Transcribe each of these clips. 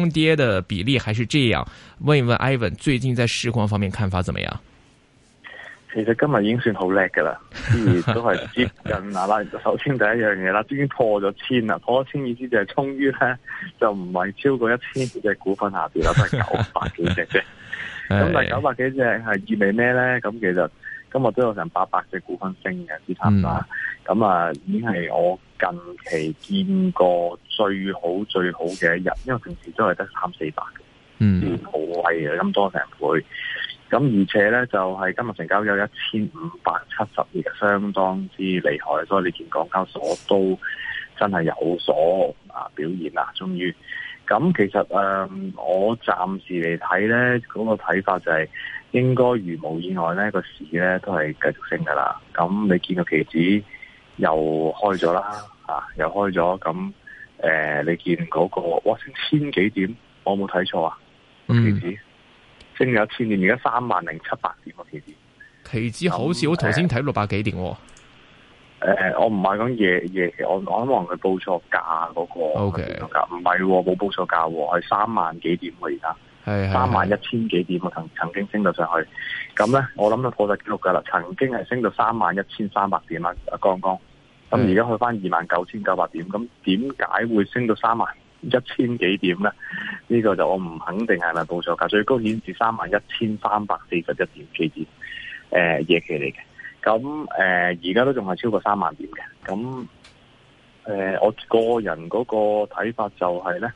空跌的比例還是這樣，問一問 Ivan 最近在市況方面看法怎麼樣？其實今日已經算好叻噶啦，都係接近啦。 首先第一樣嘢啦，已經破咗千啦，破咗千意思就係終於咧就唔係超過一千隻股份下跌啦，都係九百幾隻啫。咁 但係九百幾隻係 意味咩咧？咁其實今日都有成八百隻股份升嘅，資產啦。咁、嗯、啊，已經係我。近期見過最好最好嘅一日，因為平時都係得三四百嘅，好貴嘅，咁多成倍。咁而且呢就係今日成交有一千五百七十億，相當之厲害，所以你見港交所都真係有所啊表現啦。終於，咁其實誒，我暫時嚟睇呢嗰個睇法就係應該如無意外呢個市呢都係繼續升㗎喇。咁你見個期指？又開咗啦，吓、啊、又開咗，咁誒、呃，你見嗰、那個哇，千幾點？我冇睇錯啊、嗯，期指，正有千點，而家三萬零七百點個期指，期指好似我頭先睇六百幾點，誒、呃，我唔係講夜夜期我我可能佢報錯價嗰個，O K，唔係，冇、okay. 報錯價，係三萬幾點嘅而家。三萬一千幾點啊，曾曾經升到上去，咁咧，我諗到破晒紀錄噶啦，曾經係升到三萬一千三百點啦，剛剛，咁而家去翻二萬九千九百點，咁點解會升到三萬一千幾點咧？呢、這個就我唔肯定係咪報錯價，最高顯示三萬一千三百四十一點幾點，誒、呃、夜期嚟嘅，咁誒而家都仲係超過三萬點嘅，咁。呃、我個人嗰個睇法就係呢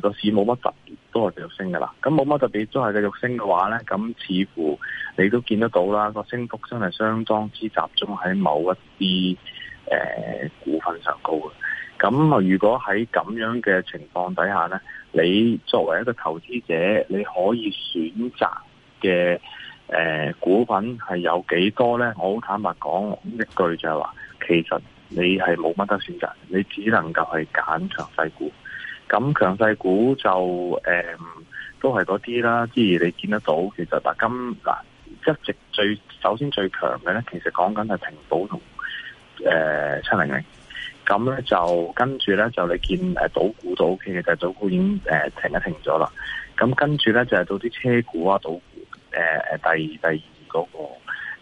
個市冇乜特別，都係繼續升嘅啦。咁冇乜特別，都係繼續升嘅話呢，咁似乎你都見得到啦。個升幅真係相當之集中喺某一啲誒、呃、股份上高嘅。咁如果喺咁樣嘅情況底下呢，你作為一個投資者，你可以選擇嘅誒、呃、股份係有幾多呢？我好坦白講一句就，就係話其實。你係冇乜得選擇，你只能夠去揀強勢股。咁強勢股就誒、嗯，都係嗰啲啦。即係你見得到，其實大金嗱一直最首先最強嘅，咧，其實講緊係平保同誒七零零。咁、呃、咧就跟住咧就你見誒，賭股都 OK 嘅，但係賭股已經誒、呃、停一停咗啦。咁跟住咧就係、是、到啲車股啊，賭股誒誒、呃，第二第二嗰、那個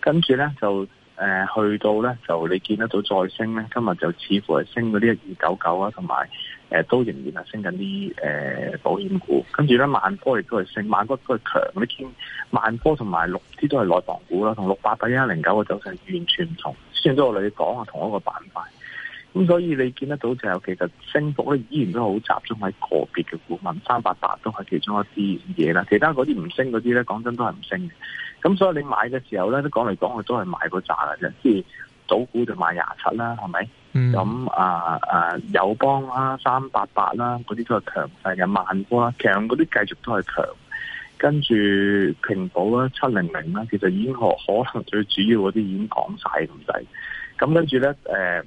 跟住咧就。誒、呃，去到咧就你見得到再升咧，今日就似乎係升嗰啲一二九九啊，同埋誒都仍然係升緊啲誒保險股，跟住咧萬科亦都係升，萬科都係強，你見萬科同埋六支都係內房股啦，同六八八一零九嘅走勢完全唔同，雖然都我哋講下同一個板塊。咁所以你見得到就係其實升幅咧依然都好集中喺個別嘅股份，三八八都係其中一啲嘢啦。其他嗰啲唔升嗰啲咧，講真的都係唔升嘅。咁所以你買嘅時候咧，講來講都講嚟講去都係買嗰扎嘅啫。即係賭股就買廿七啦，係、嗯、咪？咁啊啊友邦啦、三八八啦嗰啲都係強勢嘅萬科啦，強嗰啲繼續都係強。跟住平保啦、七零零啦，其實已經可可能最主要嗰啲已經講晒咁滯。咁跟住咧，誒。呃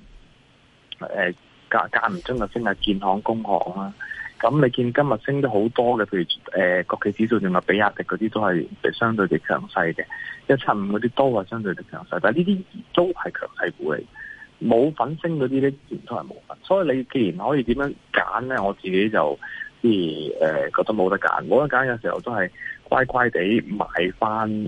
誒、呃，間間唔中就升下建行、工行啦。咁你見今日升咗好多嘅，譬如誒、呃、國企指數，仲有比亞迪嗰啲，都係相對地強勢嘅。一七五嗰啲都係相對地強勢，但係呢啲都係強勢股嚟，冇份升嗰啲咧，全部係冇份。所以你既然可以點樣揀咧，我自己就即係誒覺得冇得揀。冇得揀嘅時候，都係乖乖地買翻誒，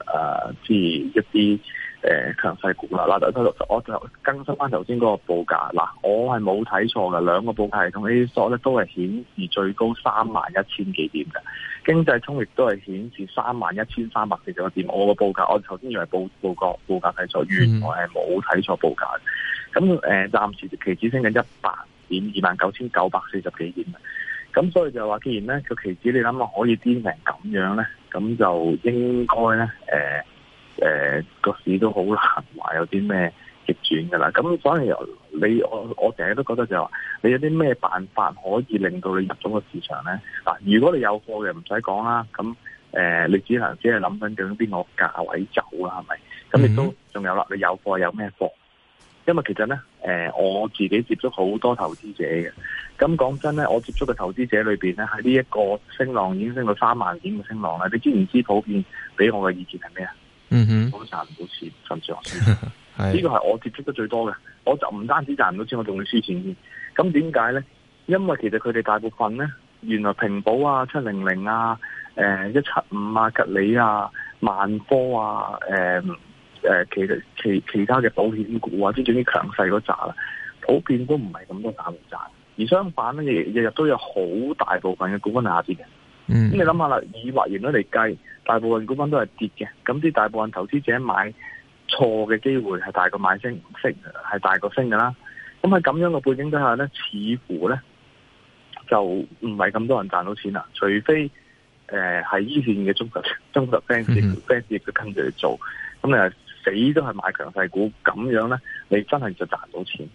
即、呃、係一啲。誒，強勢股啦，嗱，我就更新翻頭先嗰個報價，嗱，我係冇睇錯嘅，兩個報價系統呢啲數咧都係顯示最高三萬一千幾點嘅，經濟通亦都係顯示三萬一千三百四十個點，我個報價我頭先以為報報個報價睇錯，原來係冇睇錯報價嘅，咁、呃、誒，暫時期指升緊一百點二萬九千九百四十幾點，咁所以就話，既然咧個期指你諗下可以癲成咁樣咧，咁就應該咧誒。呃誒、呃，個市都好難話有啲咩逆轉噶啦，咁所以，你我我成日都覺得就話、是、你有啲咩辦法可以令到你入咗個市場咧？嗱，如果你有貨嘅唔使講啦，咁誒、呃、你只能只係諗緊究竟邊個價位走啦？係咪？咁亦都仲有啦，你有貨有咩貨？因為其實咧，誒、呃、我自己接觸好多投資者嘅，咁講真咧，我接觸嘅投資者裏邊咧，喺呢一個升浪已經升到三萬點嘅升浪咧，你知唔知普遍俾我嘅意見係咩啊？嗯哼，我都賺唔到錢，甚至我輸。呢個係我接觸得最多嘅，我就唔單止賺唔到錢，我仲會輸錢。咁點解咧？因為其實佢哋大部分咧，原來平保啊、七零零啊、誒、呃、一七五啊、吉利啊、萬科啊、誒、呃、誒，其實其其他嘅保險股啊，總之種啲強勢嗰扎啦，普遍都唔係咁多大嚟賺，而相反咧，日日都有好大部分嘅股份下跌嘅。咁你諗下啦，以滑現率嚟計，大部分股份都係跌嘅。咁啲大部分投資者買錯嘅機會係大過買升，升係大過升噶啦。咁喺咁樣嘅背景底下咧，似乎咧就唔係咁多人賺到錢啦。除非誒係依線嘅中國中國 fans fans 亦都跟住去做，咁你死都係買強勢股，咁樣咧你真係就賺到錢。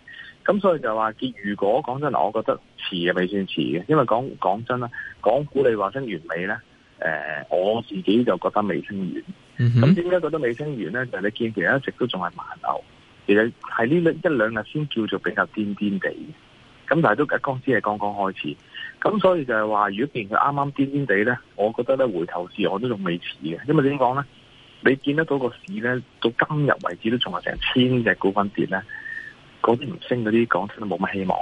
咁所以就話，佢如果講真嗱，我覺得遲嘅未算遲嘅，因為講講真啦，港股你話真完美咧，誒、呃，我自己就覺得未升完。咁點解覺得未升完咧？就係、是、你見其實一直都仲係慢牛，其實係呢一兩日先叫做比較癲癲地，咁但係都一剛只係剛剛開始。咁所以就係話，如果見佢啱啱癲癲地咧，我覺得咧回頭市我都仲未遲嘅，因為點講咧？你見得到個市咧，到今日為止都仲係成千隻股份跌咧。嗰啲唔升嗰啲，講真都冇乜希望。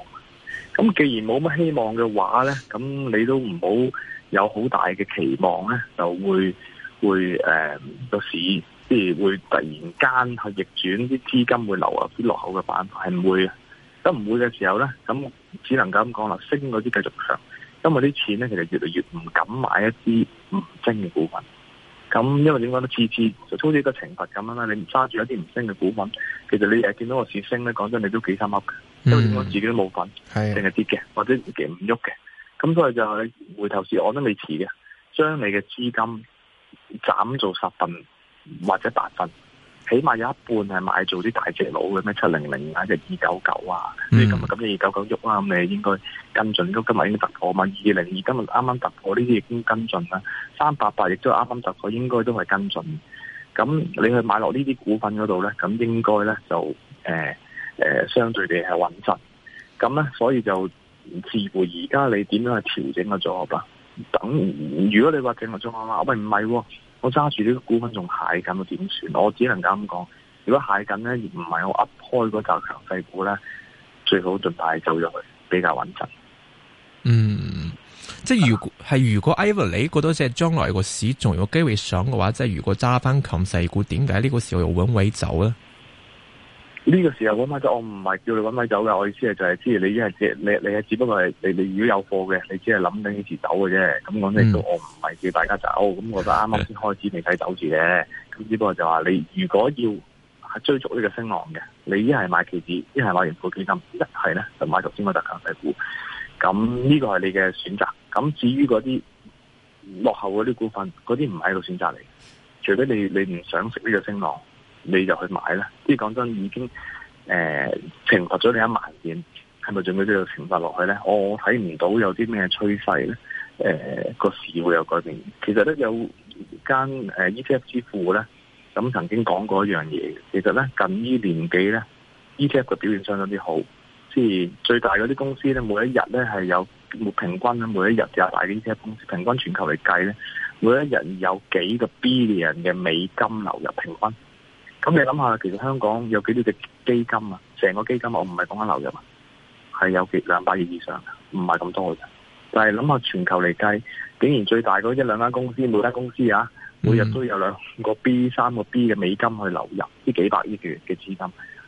咁既然冇乜希望嘅話咧，咁你都唔好有好大嘅期望咧，就會會誒個市即係會突然間去逆轉，啲資金會流入啲落口嘅板塊，係唔會。咁唔會嘅時候咧，咁只能夠咁講啦，升嗰啲繼續上，因為啲錢咧其實越嚟越唔敢買一啲唔升嘅股份。咁因為點解咧，次次就好似一個懲罰咁樣啦，你唔揸住一啲唔升嘅股份，其實你誒見到個市升咧，講真你都幾心噏嘅，因為點解自己都冇份，淨係跌嘅或者自己唔喐嘅，咁所以就係你回頭市我都未遲嘅，將你嘅資金斬做十份或者八份。起碼有一半係買做啲大隻佬嘅咩七零零啊，或者二九九啊，咁啊咁，你二九九喐啦，咁你應該跟進，今日已經突破啊嘛，二零二今日啱啱突破呢啲亦都跟進啦，三八八亦都啱啱突破，應該都係跟進。咁你去買落呢啲股份嗰度咧，咁應該咧就誒誒、呃呃、相對地係穩陣。咁咧，所以就似乎而家你點樣去調整個組合啦？等如果你話整個組合話，喂唔係喎。我揸住呢個股份仲蟹緊，我點算？我只能夠咁講，如果蟹緊咧，唔係我噏開嗰紮強勢股咧，最好儘快走咗去，比較穩陣。嗯，即係如果係、啊、如果 Ivan 你覺得即係將來個市仲有機會上嘅話，即係如果揸翻強勢股，點解呢個時候又揾位走咧？呢、這個時候搵買走，我唔係叫你搵買走嘅。我意思係就係，即係你依係只，你你係只不過係，你你,是你,是你,你,是你如果有貨嘅，你只係諗緊幾時走嘅啫。咁我呢度我唔係叫大家走，咁我得啱啱先開始未睇走住嘅。咁只不過就話你如果要追逐呢個升浪嘅，你一係買期指，一係買盈富基金，一係咧就買頭先個特強細股。咁呢個係你嘅選擇。咁至於嗰啲落後嗰啲股份，嗰啲唔係喺度選擇嚟，除非你你唔想食呢個升浪。你就去買啦。即係講真，已經誒懲罰咗你一萬點，係咪仲要都要懲罰落去咧、哦？我睇唔到有啲咩趨勢咧，誒、呃、個市會有改變。其實咧有間誒、呃、ETF 之父咧，咁曾經講過一樣嘢。其實咧近年呢年幾咧，ETF 嘅表現相當之好，即係最大嗰啲公司咧，每一日咧係有平均每一日就有大啲 ETF 公司，平均全球嚟計咧，每一日有幾個 billion 嘅美金流入平均。咁你諗下，其實香港有幾多隻基金啊？成個基金我唔係講緊流入啊，係有幾兩百億以上，唔係咁多嘅。但係諗下全球嚟計，竟然最大嗰一兩間公司，每間公司啊，每日都有兩個 B、三個 B 嘅美金去流入，呢幾百億元嘅資金。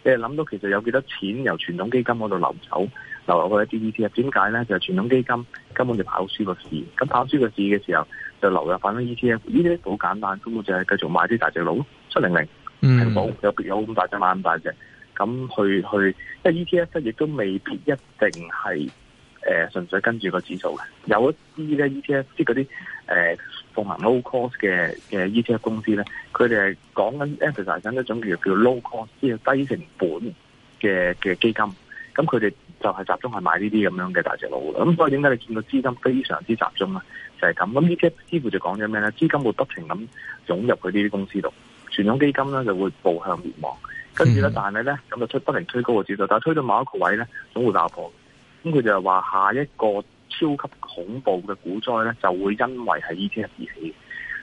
你係諗到其實有幾多錢由傳統基金嗰度流走，流入去一啲 ETF？點解咧？就係傳統基金根本就跑輸個市，咁跑輸個市嘅時候，就流入返啲 ETF。呢啲好簡單，根本就係繼續買啲大隻佬七零零。700, 嗯，冇 有有咁大隻買咁大隻，咁去去，因為 E T F 亦都未必一定係誒，純、呃、粹跟住個指數嘅，有一啲咧 E T F 即係嗰啲誒，奉行 low cost 嘅嘅 E T F 公司咧，佢哋係講緊 emphasize 緊一種叫做叫 low cost 即係低成本嘅嘅基金，咁佢哋就係集中係買呢啲咁樣嘅大隻佬，咁所以點解你見到資金非常之集中啊？就係、是、咁，咁 E T F 似乎就講咗咩咧？資金會不停咁湧入去呢啲公司度。傳統基金咧就會步向滅亡，跟住咧但係咧咁就推不停推高嘅指數，但係推到某一個位咧總會爆破。咁佢就話下一個超級恐怖嘅股災咧就會因為係 ETF 而起，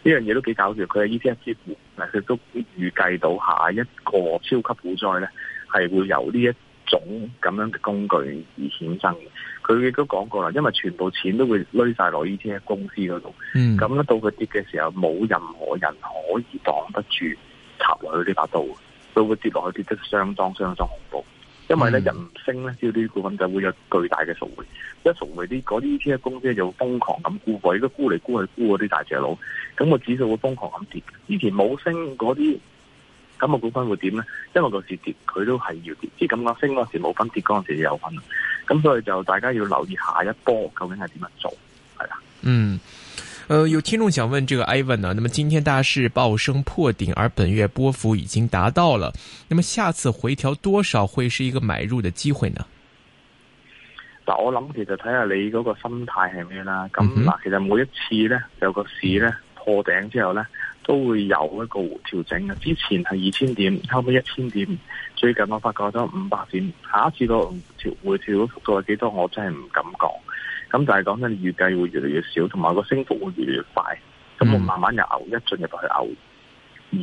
呢樣嘢都幾搞笑。佢係 ETF 之父，佢都預計到下一個超級股災咧係會由呢一種咁樣嘅工具而衍生的。嘅。佢亦都講過啦，因為全部錢都會攞曬落 ETF 公司嗰度，咁、嗯、咧到佢跌嘅時候，冇任何人可以擋得住插落去呢把刀，到佢跌落去跌得相當相當恐怖。因為咧、嗯、人唔升咧，只要啲股份就會有巨大嘅贖回。一贖回啲，嗰啲 ETF 公司就會瘋狂咁沽貨，而家沽嚟沽去沽嗰啲大隻佬，咁個指數會瘋狂咁跌。以前冇升嗰啲，咁、個股份會點咧？因為嗰時跌，佢都係要跌，只咁講，升嗰時冇分，跌嗰時就有分。咁所以就大家要留意下一波究竟係點樣做，係啦。嗯，呃，有聽眾想問這個 Ivan 呢？那麼今天大市暴升破頂，而本月波幅已經達到了，那麼下次回調多少會是一個買入的機會呢？嗱，我諗其實睇下你嗰個心態係咩啦。咁嗱，其實每一次呢，有個市呢，破頂之後呢，嗯都會有一個調整嘅，之前係二千點，後尾一千點，最近我發覺咗五百點，下一次個回調幅度係幾多，我真係唔敢講。咁但係講緊，預計會越嚟越少，同埋個升幅會越嚟越快。咁、嗯、我慢慢由牛一進入就去牛二。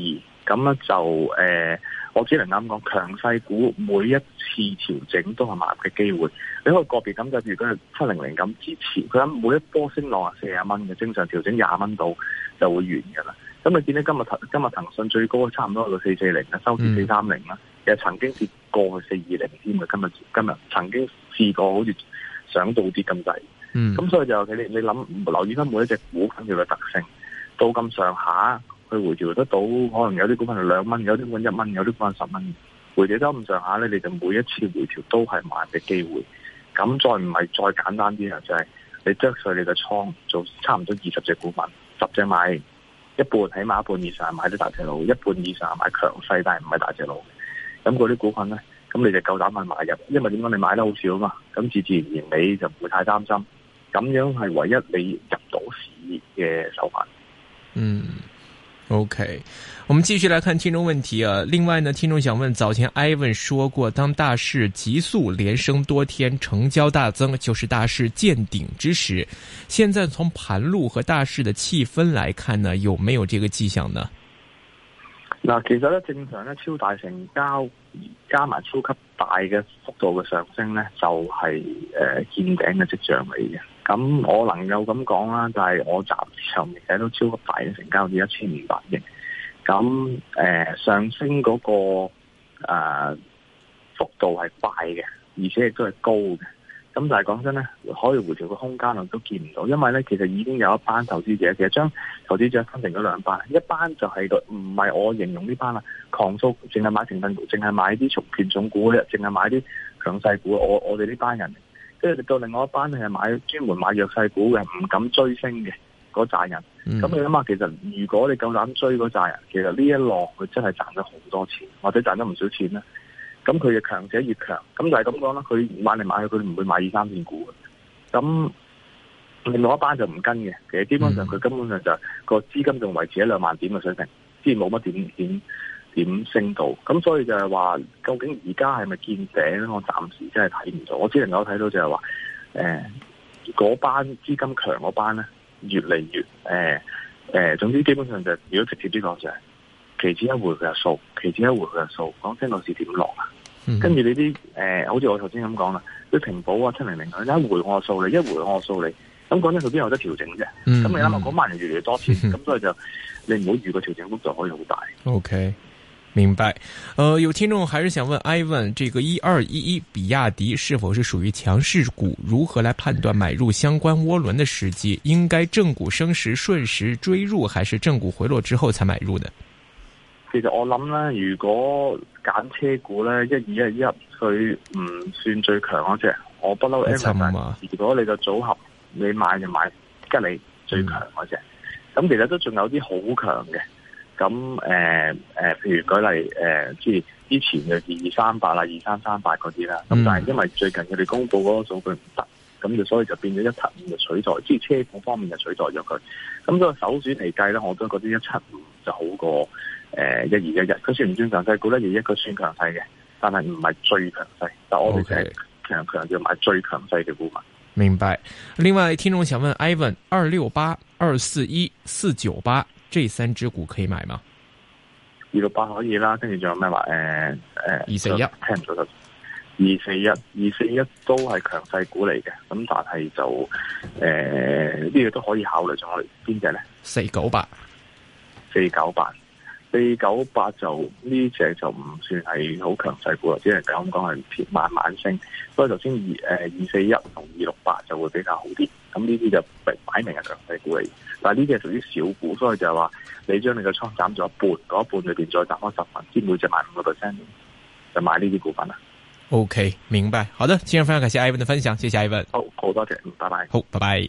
咁咧就誒、呃，我只能啱講強勢股每一次調整都係買入嘅機會。你喺個別咁嘅，如果係七零零咁，之前佢喺每一波升浪啊四十蚊嘅，正常調整廿蚊到就會完噶啦。咁你見到今日今日，騰訊最高差唔多去到四四零，收跌四三零啦，其實曾經跌過去四二零添。今日今日曾經試過好似想到啲咁滯，咁、嗯、所以就你你諗留意翻每一隻股份要嘅特性，到咁上下去回調得到，可能有啲股份係兩蚊，有啲股份一蚊，有啲股份十蚊，回調到咁上下咧，你就每一次回調都係買嘅機會。咁再唔係再簡單啲啊、就是，就係你執碎你嘅倉，做差唔多二十隻股份，十隻買。一半起碼一半以上買啲大隻佬，一半以上買強勢，但係唔係大隻佬。咁嗰啲股份咧，咁你就夠膽去買入，因為點講？你買得好少啊嘛，咁自自然然你就唔會太擔心。咁樣係唯一你入到市嘅手法。嗯。OK，我們繼續來看聽眾問題啊。另外呢，聽眾想問，早前 Ivan 說過，當大市急速連升多天，成交大增，就是大市見頂之時。現在從盤路和大市的氣氛來看呢，有沒有這個跡象呢？嗱，其實呢，正常呢，超大成交加埋超級大嘅幅度嘅上升呢，就係誒見頂嘅跡象嚟嘅。咁我能夠咁講啦，就係、是、我暫時上面睇都超級大嘅成交至一千五百億。咁、呃、上升嗰、那個、呃、幅度係快嘅，而且亦都係高嘅。咁但係講真咧，可以回調嘅空間我都見唔到，因為咧，其實已經有一班投資者其實將投資者分成咗兩班，一班就係個唔係我形容呢班啦，狂收，淨係買成分股，淨係買啲重權重股嘅，淨係買啲強勢股。我我哋呢班人。即係到另外一班係買，專門買弱勢股嘅，唔敢追升嘅嗰紮人，咁、嗯、你諗下，其實如果你夠膽追嗰紮人，其實呢一浪，佢真係賺咗好多錢，或者賺咗唔少錢咧，咁佢嘅強者越強，咁就係咁講啦，佢買嚟買去，佢唔會買二三線股嘅，咁另外一班就唔跟嘅，其實基本上佢根本上就個、是、資、嗯、金仲維持喺兩萬點嘅水平，即係冇乜點點。點升到，咁所以就係話，究竟而家係咪見頂咧？我暫時真係睇唔到，我只能夠睇到就係話，誒、欸，嗰班資金強嗰班咧，越嚟越，誒，誒，總之基本上就係、是，如果直接啲講就係，期指一回佢就掃，期指一回佢就掃，講真個市跌唔落啊，跟住你啲，誒、欸，好似我頭先咁講啦，啲平保啊、七零零佢一回我掃你，一回我掃你，咁講真佢邊有得調整啫，咁你諗落嗰班人越嚟越多錢，咁、嗯、所以就，你唔好預個調整幅就可以好大，ok。明白，呃，有聽眾還是想問 Ivan，這個一二一一比亞迪是否是屬於強勢股？如何來判斷買入相關渦輪的時機？應該正股升時瞬時追入，還是正股回落之後才買入呢？其實我諗呢如果揀車股呢一二一一，佢唔算最強嗰隻，我不嬲。一沉啊嘛！如果你嘅組合你買就買，即係你最強嗰隻，咁、嗯、其實都仲有啲好強嘅。咁誒、誒，譬如舉例誒，即係之前嘅二三八啦，二三三八嗰啲啦。咁但係因為最近佢哋公布嗰個數據唔得，咁就所以就變咗一七五就取代，即係車股方面就取代咗佢。咁個首選嚟計咧，我都覺得一七五就好過誒一二一一。佢算唔算強勢股咧？亦一個算強勢嘅，但係唔係最強勢。但係我哋就強強要買最強勢嘅股份。明白。另外，聽眾想問 Ivan 二六八二四一四九八。這三隻股可以買嗎？二六八可以啦，跟住仲有咩話？誒、呃、誒，二四一聽唔到得，二四一、二四一都係強勢股嚟嘅，咁但係就誒呢、呃呢個都可以考慮，仲有邊隻咧？四九八，四九八。四九八就呢隻就唔算係好強勢股，只係咁講係慢慢升。所以頭先二誒、呃、二四一同二六八就會比較好啲。咁呢啲就明擺明係強勢股嚟，但係呢啲係屬於小股，所以就係話你將你嘅倉斬咗一半，嗰一半裏邊再斬開十份，之，每隻買五個 percent，就買呢啲股份啦。OK，明白。好的，今日分享，感謝艾文嘅分享，謝謝艾文。哦，好多謝，拜拜。好，拜拜。